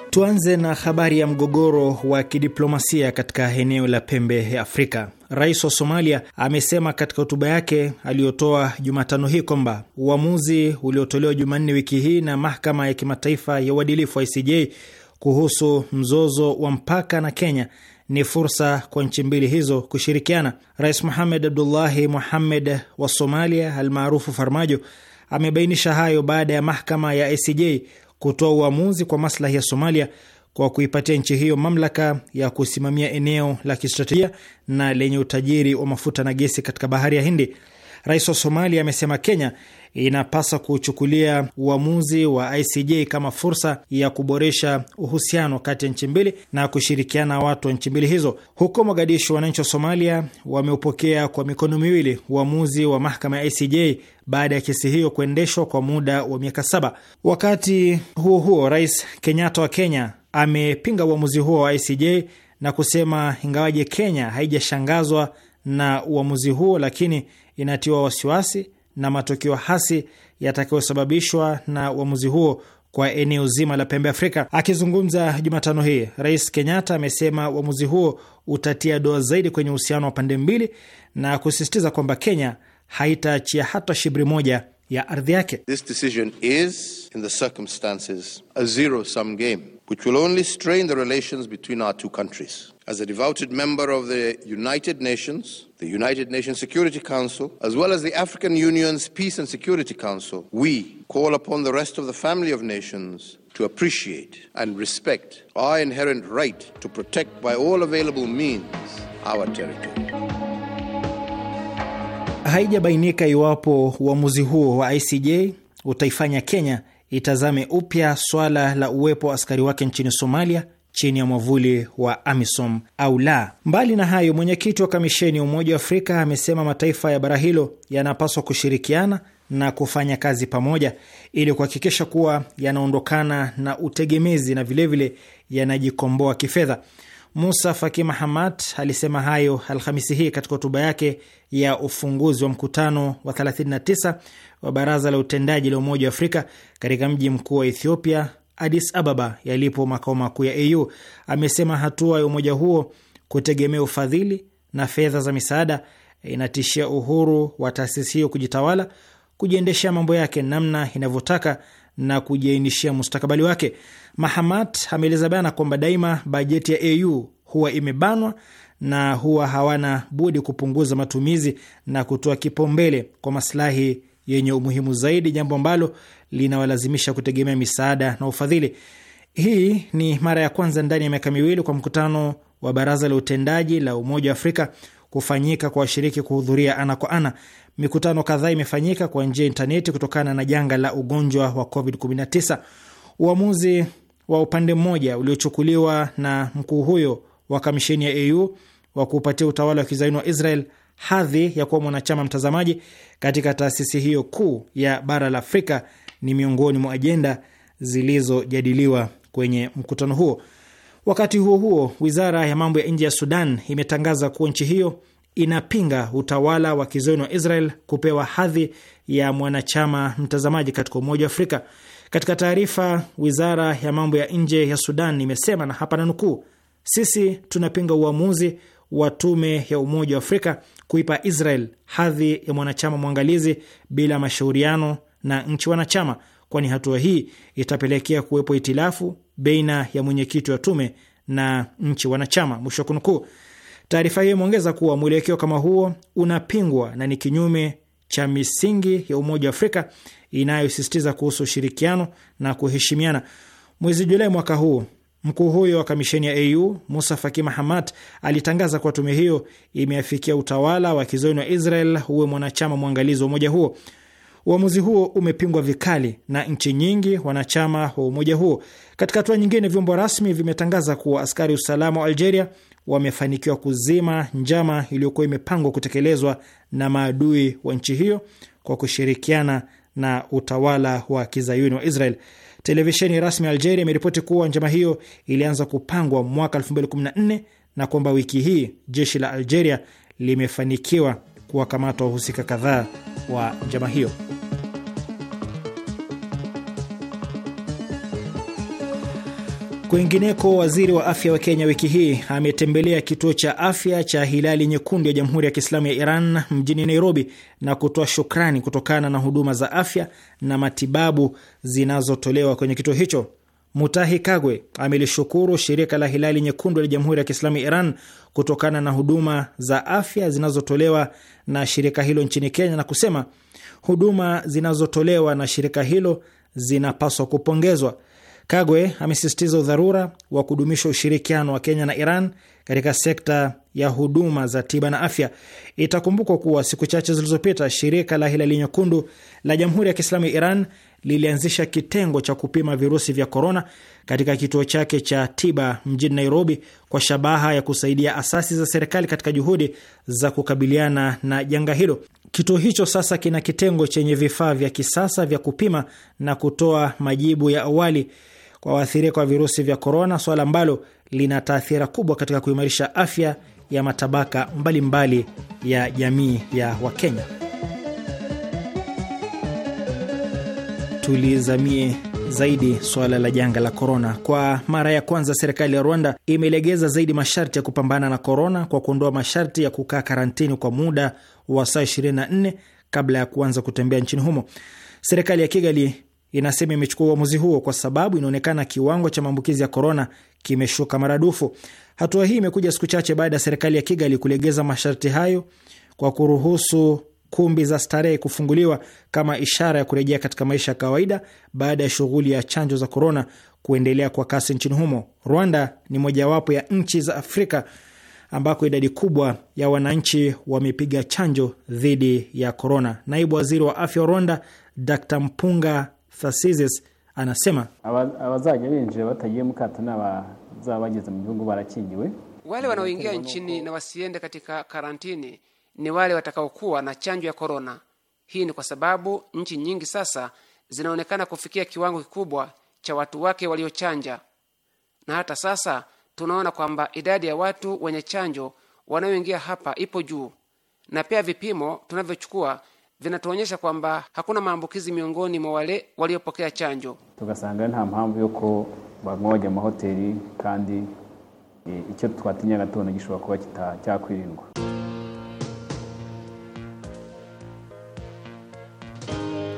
tuanze na habari ya mgogoro wa kidiplomasia katika eneo la pembe ya Afrika. Rais wa Somalia amesema katika hotuba yake aliyotoa Jumatano hii kwamba uamuzi uliotolewa Jumanne wiki hii na mahakama ya kimataifa ya uadilifu wa ICJ kuhusu mzozo wa mpaka na Kenya ni fursa kwa nchi mbili hizo kushirikiana. Rais muhamed Abdullahi Muhamed wa Somalia almaarufu Farmajo amebainisha hayo baada ya mahakama ya ICJ kutoa uamuzi kwa maslahi ya Somalia kwa kuipatia nchi hiyo mamlaka ya kusimamia eneo la kistratejia na lenye utajiri wa mafuta na gesi katika bahari ya Hindi. Rais wa Somalia amesema Kenya inapaswa kuchukulia uamuzi wa ICJ kama fursa ya kuboresha uhusiano kati ya nchi mbili na kushirikiana watu wa nchi mbili hizo. Huko Mogadishu, wananchi wa Somalia wameupokea kwa mikono miwili uamuzi wa mahakama ya ICJ baada ya kesi hiyo kuendeshwa kwa muda wa miaka saba. Wakati huo huo, Rais Kenyatta wa Kenya amepinga uamuzi huo wa ICJ na kusema ingawaje Kenya haijashangazwa na uamuzi huo, lakini inatiwa wasiwasi na matokeo hasi yatakayosababishwa na uamuzi huo kwa eneo zima la pembe Afrika. Akizungumza Jumatano hii, Rais Kenyatta amesema uamuzi huo utatia doa zaidi kwenye uhusiano wa pande mbili na kusisitiza kwamba Kenya haitaachia hata shibri moja ya ardhi yake. This decision is in the circumstances a zero sum game which will only strain the relations between our two countries as a devoted member of the United Nations, the United Nations Security Council, as well as the African Union's Peace and Security Council, we call upon the rest of the family of nations to appreciate and respect our inherent right to protect by all available means our territory. Haijabainika iwapo uamuzi huo wa ICJ utaifanya Kenya itazame upya swala la uwepo wa askari wake nchini Somalia chini ya mwavuli wa AMISOM au la. Mbali na hayo, mwenyekiti wa kamisheni ya Umoja wa Afrika amesema mataifa ya bara hilo yanapaswa kushirikiana na kufanya kazi pamoja ili kuhakikisha kuwa yanaondokana na utegemezi na vilevile yanajikomboa kifedha. Musa Faki Mahamat alisema hayo Alhamisi hii katika hotuba yake ya ufunguzi wa mkutano wa 39 wa baraza la utendaji la Umoja wa Afrika katika mji mkuu wa Ethiopia, Addis Ababa yalipo makao makuu ya AU. Amesema hatua ya umoja huo kutegemea ufadhili na fedha za misaada inatishia uhuru wa taasisi hiyo kujitawala, kujiendeshea mambo yake namna inavyotaka na kujiainishia mustakabali wake. Mahamat ameeleza bayana kwamba daima bajeti ya AU huwa imebanwa na huwa hawana budi kupunguza matumizi na kutoa kipaumbele kwa masilahi yenye umuhimu zaidi, jambo ambalo linawalazimisha kutegemea misaada na ufadhili. Hii ni mara ya kwanza ndani ya miaka miwili kwa mkutano wa baraza la utendaji la Umoja wa Afrika kufanyika kwa washiriki kuhudhuria ana kwa ana. Mikutano kadhaa imefanyika kwa njia ya intaneti kutokana na janga la ugonjwa wa COVID-19. Uamuzi wa upande mmoja uliochukuliwa na mkuu huyo wa kamisheni ya AU wa kuupatia utawala wa kizayuni wa Israel hadhi ya kuwa mwanachama mtazamaji katika taasisi hiyo kuu ya bara la Afrika ni miongoni mwa ajenda zilizojadiliwa kwenye mkutano huo. Wakati huo huo, wizara ya mambo ya nje ya Sudan imetangaza kuwa nchi hiyo inapinga utawala wa kizayuni wa Israel kupewa hadhi ya mwanachama mtazamaji katika Umoja wa Afrika. Katika taarifa, wizara ya mambo ya nje ya Sudan imesema, na hapa nanukuu, sisi tunapinga uamuzi wa tume ya Umoja wa Afrika kuipa Israel hadhi ya mwanachama mwangalizi bila mashauriano na nchi wanachama, kwani hatua hii itapelekea kuwepo itilafu baina ya mwenyekiti wa tume na nchi wanachama. Mwisho wa kunukuu. Taarifa hiyo imeongeza kuwa mwelekeo kama huo unapingwa na ni kinyume cha misingi ya Umoja wa Afrika inayosisitiza kuhusu ushirikiano na kuheshimiana. Mwezi Julai mwaka huu Mkuu huyo wa kamisheni ya AU Musa Faki Mahamat alitangaza kuwa tume hiyo imeafikia utawala wa kizoni wa Israel uwe mwanachama mwangalizi wa umoja huo. Uamuzi huo umepingwa vikali na nchi nyingi wanachama wa umoja huo. Katika hatua nyingine, vyombo rasmi vimetangaza kuwa askari usalama wa Algeria wamefanikiwa kuzima njama iliyokuwa imepangwa kutekelezwa na maadui wa nchi hiyo kwa kushirikiana na utawala wa kizayuni wa Israel. Televisheni rasmi ya Algeria imeripoti kuwa njama hiyo ilianza kupangwa mwaka 2014 na kwamba wiki hii jeshi la Algeria limefanikiwa kuwakamata wahusika kadhaa wa njama hiyo. Kwingineko, waziri wa afya wa Kenya wiki hii ametembelea kituo cha afya cha Hilali Nyekundu ya Jamhuri ya Kiislamu ya Iran mjini Nairobi na kutoa shukrani kutokana na huduma za afya na matibabu zinazotolewa kwenye kituo hicho. Mutahi Kagwe amelishukuru shirika la Hilali Nyekundu la Jamhuri ya Kiislamu ya Iran kutokana na huduma za afya zinazotolewa na shirika hilo nchini Kenya na kusema huduma zinazotolewa na shirika hilo zinapaswa kupongezwa. Kagwe amesisitiza udharura wa kudumisha ushirikiano wa Kenya na Iran katika sekta ya huduma za tiba na afya. Itakumbukwa kuwa siku chache zilizopita shirika la Hilali Nyekundu la Jamhuri ya Kiislamu ya Iran lilianzisha kitengo cha kupima virusi vya korona katika kituo chake cha tiba mjini Nairobi kwa shabaha ya kusaidia asasi za serikali katika juhudi za kukabiliana na janga hilo. Kituo hicho sasa kina kitengo chenye vifaa vya kisasa vya kupima na kutoa majibu ya awali kwa waathirika wa virusi vya korona, swala ambalo lina taathira kubwa katika kuimarisha afya ya matabaka mbalimbali mbali ya jamii ya Wakenya. Tulizamie zaidi suala la janga la korona. Kwa mara ya kwanza, serikali ya Rwanda imelegeza zaidi masharti ya kupambana na korona kwa kuondoa masharti ya kukaa karantini kwa muda wa saa 24 kabla ya kuanza kutembea nchini humo. Serikali ya Kigali inasema imechukua uamuzi huo kwa sababu inaonekana kiwango cha maambukizi ya korona kimeshuka maradufu. Hatua hii imekuja siku chache baada ya serikali ya Kigali kulegeza masharti hayo kwa kuruhusu kumbi za starehe kufunguliwa kama ishara ya kurejea katika maisha ya kawaida baada ya shughuli ya chanjo za korona kuendelea kwa kasi nchini humo. Rwanda ni mojawapo ya nchi za Afrika ambako idadi kubwa ya wananchi wamepiga chanjo dhidi ya korona. Naibu waziri wa afya wa Rwanda Dr Mpunga Thasises anasema abazaja binjira batagiye mukato n'abazaba bageze mu gihugu barakingiwe. Wale wanaoingia nchini na wasiende katika karantini ni wale watakaokuwa na chanjo ya korona. Hii ni kwa sababu nchi nyingi sasa zinaonekana kufikia kiwango kikubwa cha watu wake waliochanja, na hata sasa tunaona kwamba idadi ya watu wenye chanjo wanaoingia hapa ipo juu, na pia vipimo tunavyochukua vinatuonyesha kwamba hakuna maambukizi miongoni mwa wale waliopokea chanjo tugasanga nta mpamvu yuko bamwoja mahoteli kandi eh, icyo twatinyaga tubona gishobora kuba kitacyakwirindwa.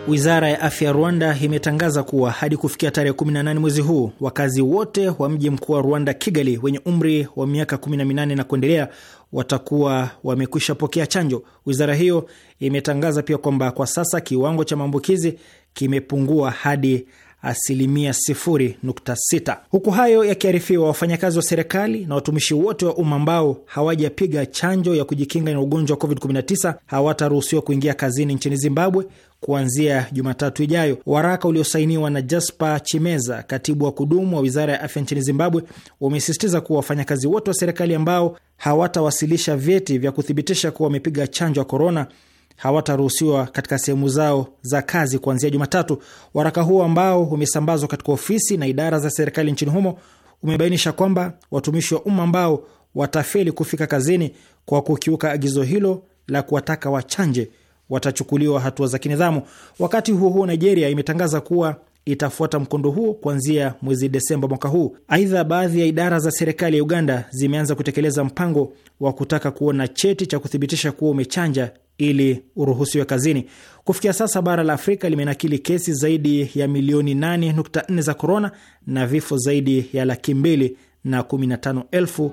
Wizara ya afya ya Rwanda imetangaza kuwa hadi kufikia tarehe 18 mwezi huu wakazi wote wa mji mkuu wa Rwanda, Kigali, wenye umri wa miaka 18 na kuendelea watakuwa wamekwisha pokea chanjo. Wizara hiyo imetangaza pia kwamba kwa sasa kiwango cha maambukizi kimepungua hadi asilimia 0.6. Huku hayo yakiarifiwa, wafanyakazi wa serikali na watumishi wote wa umma ambao hawajapiga chanjo ya kujikinga na ugonjwa wa COVID-19 hawataruhusiwa kuingia kazini nchini Zimbabwe kuanzia Jumatatu ijayo. Waraka uliosainiwa na Jasper Chimeza, katibu wa kudumu wa wizara ya afya nchini Zimbabwe, umesisitiza kuwa wafanyakazi wote wa serikali ambao hawatawasilisha vyeti vya kuthibitisha kuwa wamepiga chanjo ya korona hawataruhusiwa katika sehemu zao za kazi kuanzia Jumatatu. Waraka huo ambao umesambazwa katika ofisi na idara za serikali nchini humo umebainisha kwamba watumishi wa umma ambao watafeli kufika kazini kwa kukiuka agizo hilo la kuwataka wachanje watachukuliwa hatua za kinidhamu. Wakati huo huo, Nigeria imetangaza kuwa itafuata mkondo huo kuanzia mwezi Desemba mwaka huu. Aidha, baadhi ya idara za serikali ya Uganda zimeanza kutekeleza mpango wa kutaka kuona cheti cha kuthibitisha kuwa umechanja ili uruhusiwe kazini. Kufikia sasa bara la Afrika limenakili kesi zaidi ya milioni 8.4 za korona na vifo zaidi ya laki mbili na 15 elfu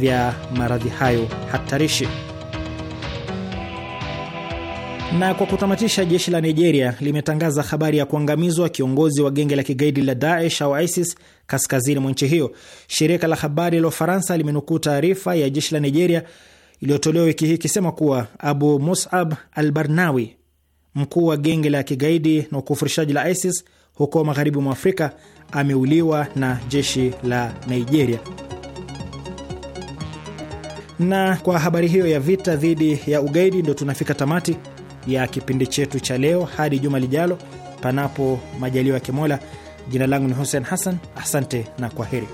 vya maradhi hayo hatarishi. Na kwa kutamatisha, jeshi la Nigeria limetangaza habari ya kuangamizwa kiongozi wa genge la kigaidi la Daesh au ISIS kaskazini mwa nchi hiyo. Shirika la habari la Ufaransa limenukuu taarifa ya jeshi la Nigeria iliyotolewa wiki hii ikisema kuwa Abu Musab al Barnawi, mkuu wa genge la kigaidi na ukufurishaji la ISIS huko magharibi mwa Afrika, ameuliwa na jeshi la Nigeria. Na kwa habari hiyo ya vita dhidi ya ugaidi, ndio tunafika tamati ya kipindi chetu cha leo. Hadi juma lijalo, panapo majaliwa ya Kimola. Jina langu ni Hussein Hassan, asante na kwa heri.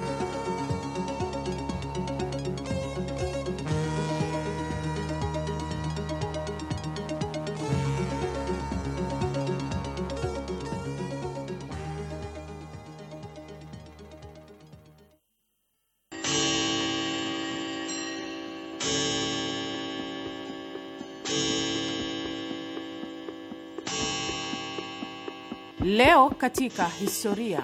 Leo katika historia.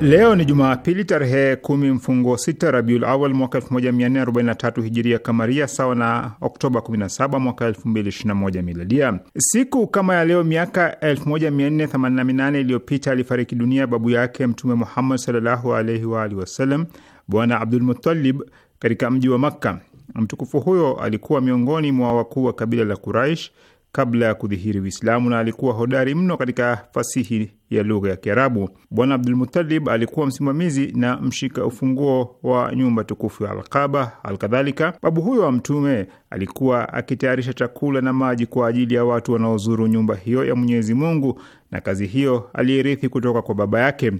Leo ni Jumapili tarehe kumi mfungo sita Rabiul Awal mwaka 1443 hijiria kamaria, sawa na Oktoba 17 mwaka 2021 miladia. Siku kama ya leo miaka 1488 iliyopita alifariki dunia babu yake Mtume Muhammad sallallahu alaihi wa alihi wasallam, Bwana Abdul Muttalib katika mji wa Makka. Mtukufu huyo alikuwa miongoni mwa wakuu wa kabila la Quraish kabla ya kudhihiri Uislamu na alikuwa hodari mno katika fasihi ya lugha ya Kiarabu. Bwana Abdulmutalib alikuwa msimamizi na mshika ufunguo wa nyumba tukufu ya Alkaba. Alkadhalika, babu huyo wa Mtume alikuwa akitayarisha chakula na maji kwa ajili ya watu wanaozuru nyumba hiyo ya Mwenyezi Mungu, na kazi hiyo aliyerithi kutoka kwa baba yake.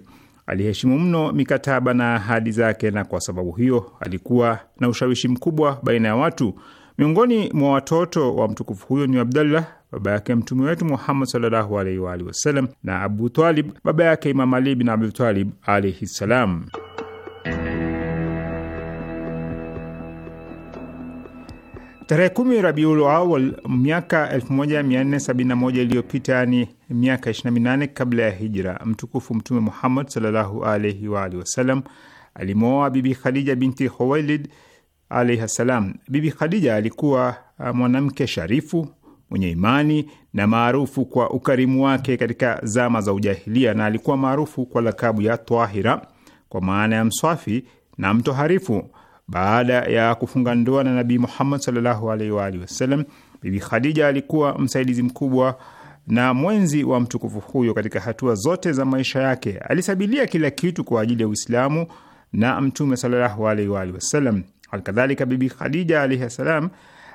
Aliheshimu mno mikataba na ahadi zake, na kwa sababu hiyo alikuwa na ushawishi mkubwa baina ya watu. Miongoni mwa watoto wa mtukufu huyo ni Abdallah baba yake mtume wetu Muhammad sallallahu alaihi wa alihi wasallam na Abu Talib baba yake Imam Ali bin Abi Talib alaihi salam. Tarehe kumi Rabiul Awal miaka 1471 iliyopita, yani miaka 28 kabla ya hijra, mtukufu Mtume Muhammad sallallahu alaihi wa alihi wasallam alimwoa Bibi Khadija binti Khuwailid alaihi ssalam. Bibi Khadija alikuwa uh, mwanamke sharifu mwenye imani na maarufu kwa ukarimu wake katika zama za ujahilia, na alikuwa maarufu kwa lakabu ya Twahira kwa maana ya mswafi na mtoharifu. Baada ya kufunga ndoa na Nabii Muhammad sallallahu alaihi wa alihi wasallam, Bibi Khadija alikuwa msaidizi mkubwa na mwenzi wa mtukufu huyo katika hatua zote za maisha yake. Alisabilia kila kitu kwa ajili ya Uislamu na Mtume sallallahu alaihi wa alihi wasallam. Halkadhalika, Bibi Khadija alaihi ssalam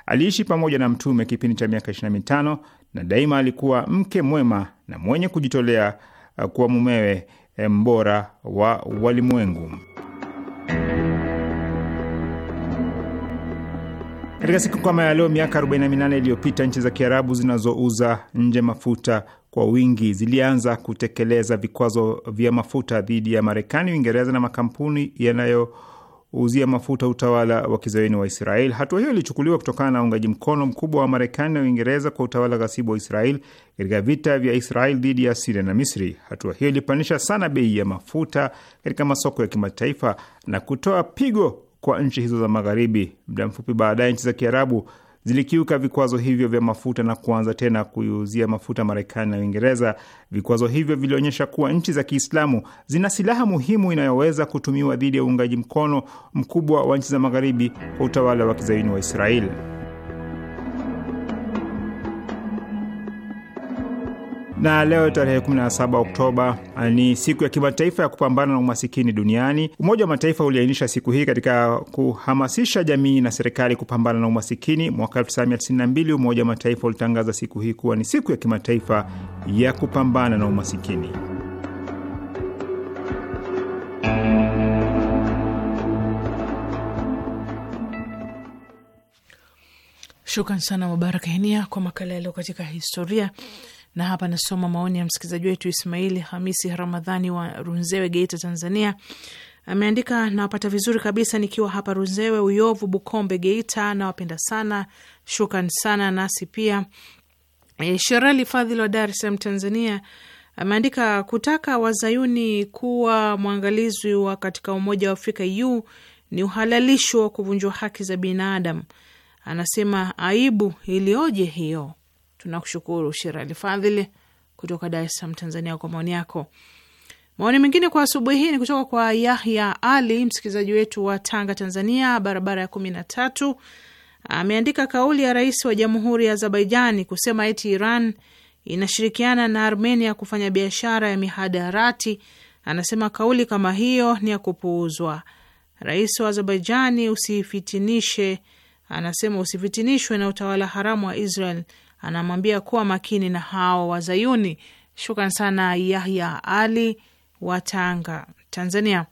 aliishi pamoja na Mtume kipindi cha miaka 25 na daima alikuwa mke mwema na mwenye kujitolea uh, kuwa mumewe eh, mbora wa walimwengu. Katika siku kama ya leo miaka 48 iliyopita nchi za Kiarabu zinazouza nje mafuta kwa wingi zilianza kutekeleza vikwazo vya mafuta dhidi ya Marekani, Uingereza na makampuni yanayo kuuzia mafuta utawala wa kizayuni wa Israel. Hatua hiyo ilichukuliwa kutokana na uungaji mkono mkubwa wa Marekani na Uingereza kwa utawala ghasibu wa Israel katika vita vya Israel dhidi ya Siria na Misri. Hatua hiyo ilipandisha sana bei ya mafuta katika masoko ya kimataifa na kutoa pigo kwa nchi hizo za Magharibi. Muda mfupi baadaye, nchi za Kiarabu zilikiuka vikwazo hivyo vya mafuta na kuanza tena kuiuzia mafuta Marekani na Uingereza. Vikwazo hivyo vilionyesha kuwa nchi za Kiislamu zina silaha muhimu inayoweza kutumiwa dhidi ya uungaji mkono mkubwa wa nchi za Magharibi kwa utawala wa kizaini wa Israeli. na leo tarehe 17 Oktoba ni siku ya kimataifa ya kupambana na umasikini duniani. Umoja wa Mataifa uliainisha siku hii katika kuhamasisha jamii na serikali kupambana na umasikini. Mwaka 1992 Umoja wa Mataifa ulitangaza siku hii kuwa ni siku ya kimataifa ya kupambana na umasikini. Shukran sana Mubarak Henia kwa makala yaliyo katika historia. Na hapa nasoma maoni ya msikilizaji wetu Ismaili Hamisi Ramadhani wa Runzewe, Geita, Tanzania. Ameandika, nawapata vizuri kabisa nikiwa hapa Runzewe, Uyovu, Bukombe, Geita. Nawapenda sana, shukran sana. Nasi pia e, Sherali Fadhil wa Dar es Salaam, Tanzania ameandika kutaka wazayuni kuwa mwangalizi wa katika Umoja wa Afrika e u ni uhalalisho wa kuvunjwa haki za binadamu. Anasema aibu iliyoje hiyo. Tunakushukuru Shirali Fadhili kutoka Dar es Salaam, Tanzania, kwa maoni yako. Maoni mengine kwa asubuhi hii ni kutoka kwa Yahya Ali, msikilizaji wetu wa Tanga, Tanzania, barabara ya kumi na tatu. Ameandika kauli ya rais wa jamhuri ya Azerbaijani kusema eti Iran inashirikiana na Armenia kufanya biashara ya mihadarati. Anasema kauli kama hiyo ni ya kupuuzwa. Rais wa Azerbaijani usifitinishe, anasema usifitinishwe na utawala haramu wa Israel anamwambia kuwa makini na hao Wazayuni. Shukran sana Yahya Ali wa Tanga, Tanzania.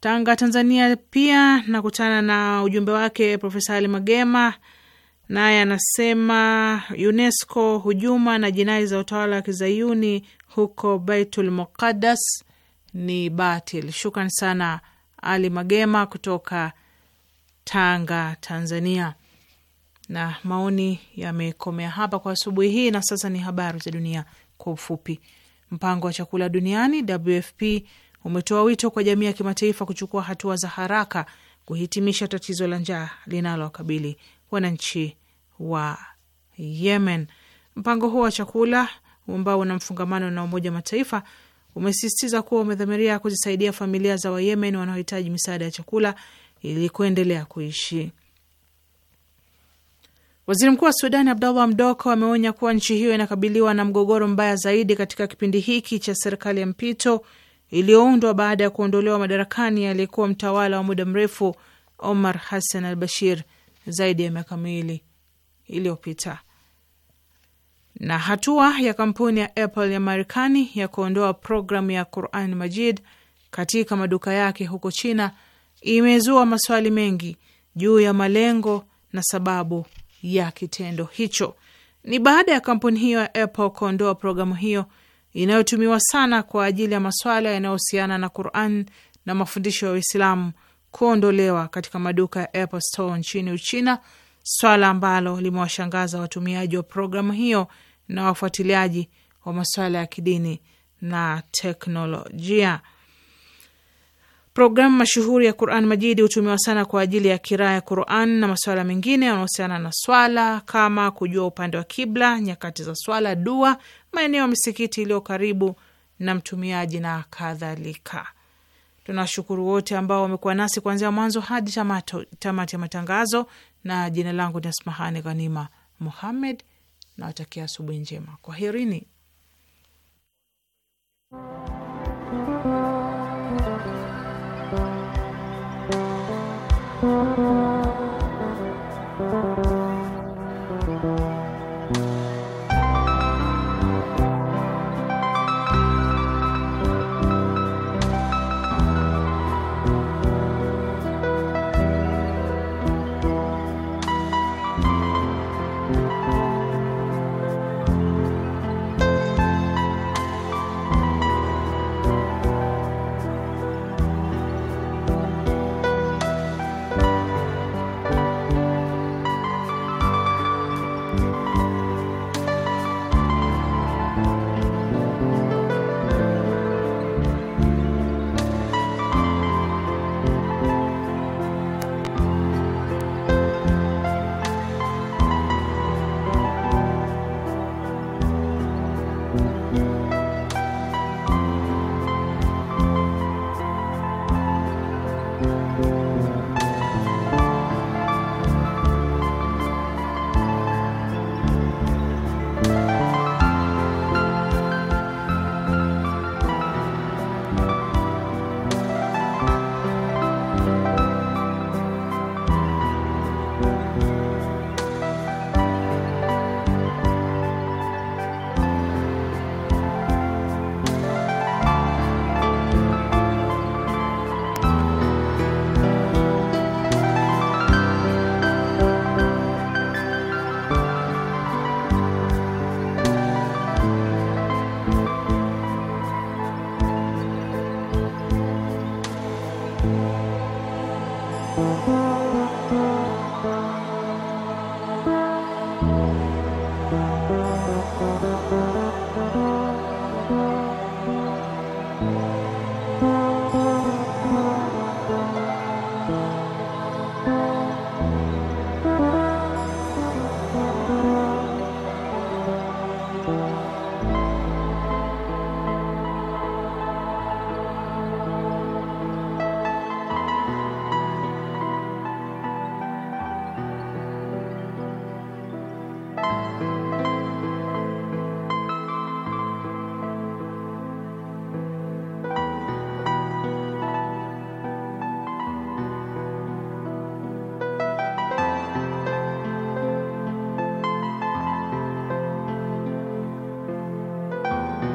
Tanga, Tanzania pia nakutana na ujumbe wake Profesa Ali Magema, naye anasema UNESCO, hujuma na jinai za utawala wa kizayuni huko Baitul Muqaddas ni batil. Shukran sana Ali Magema kutoka Tanga, Tanzania na maoni yamekomea hapa kwa asubuhi hii, na sasa ni habari za dunia kwa ufupi. Mpango wa chakula duniani WFP umetoa wito kwa jamii ya kimataifa kuchukua hatua za haraka kuhitimisha tatizo la njaa linalowakabili wananchi wa Yemen. Mpango huo wa chakula ambao una mfungamano na Umoja wa Mataifa umesisitiza kuwa umedhamiria kuzisaidia familia za Wayemen wanaohitaji misaada ya chakula ili kuendelea kuishi. Waziri mkuu wa Sudani Abdallah Mdoko ameonya kuwa nchi hiyo inakabiliwa na mgogoro mbaya zaidi katika kipindi hiki cha serikali ya mpito iliyoundwa baada ya kuondolewa madarakani aliyekuwa mtawala wa muda mrefu Omar Hassan al Bashir zaidi ya miaka miwili iliyopita. Na hatua ya kampuni ya Apple ya Marekani ya kuondoa programu ya Quran Majid katika maduka yake huko China imezua maswali mengi juu ya malengo na sababu ya kitendo hicho. Ni baada ya kampuni hiyo ya Apple kuondoa programu hiyo inayotumiwa sana kwa ajili ya maswala yanayohusiana na Quran na mafundisho ya Uislamu kuondolewa katika maduka ya Apple Store nchini Uchina, swala ambalo limewashangaza watumiaji wa programu hiyo na wafuatiliaji wa masuala ya kidini na teknolojia. Programu mashuhuri ya Quran Majidi hutumiwa sana kwa ajili ya kiraa ya Quran na masuala mengine yanayohusiana na swala kama kujua upande wa kibla, nyakati za swala, dua, maeneo ya misikiti iliyo karibu na mtumiaji na kadhalika. Tunawashukuru wote ambao wamekuwa nasi kuanzia mwanzo hadi tamati ya matangazo, na jina langu ni Asmahani Ghanima Muhammed. Nawatakia asubuhi njema, kwaherini. Thank you.